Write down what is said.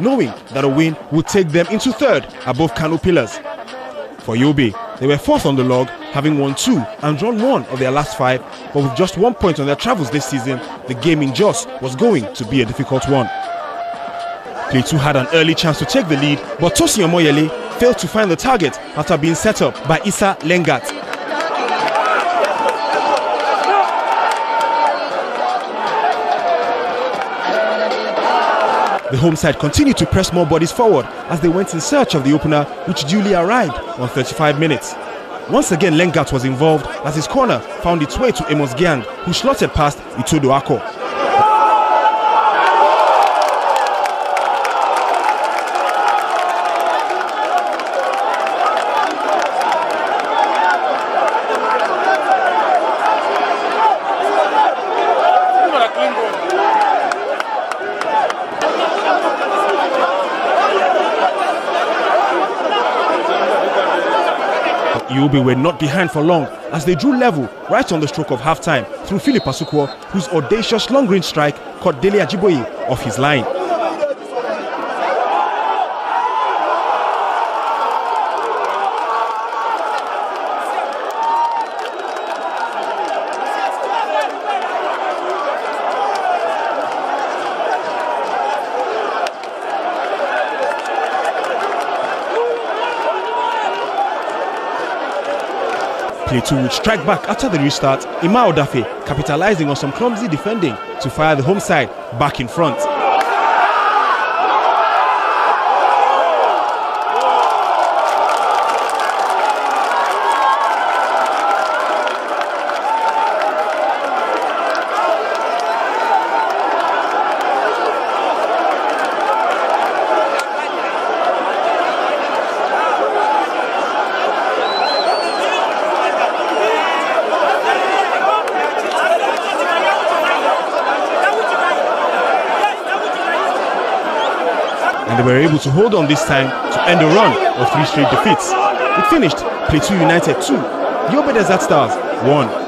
knowing that a win would take them into third above Kano Pillars. For Yobe, they were fourth on the log, having won two and drawn one of their last five, but with just one point on their travels this season, the game in Jos was going to be a difficult one. 2 had an early chance to take the lead, but Tosin Omoyele failed to find the target after being set up by Issa Lengat The home side continued to press more bodies forward as they went in search of the opener, which duly arrived on 35 minutes. Once again, Lengart was involved as his corner found its way to Emos Giang, who slotted past Itodo Ako. Iwobi were not behind for long as they drew level right on the stroke of half-time through Philip Asukwo, whose audacious long-range strike caught Dele Ajiboye off his line. Plateau would strike back after the restart, Ima Odafe capitalizing on some clumsy defending to fire the home side back in front. they were able to hold on this time to end a run of three straight defeats. It finished Plateau United 2, Yobedes Stars 1.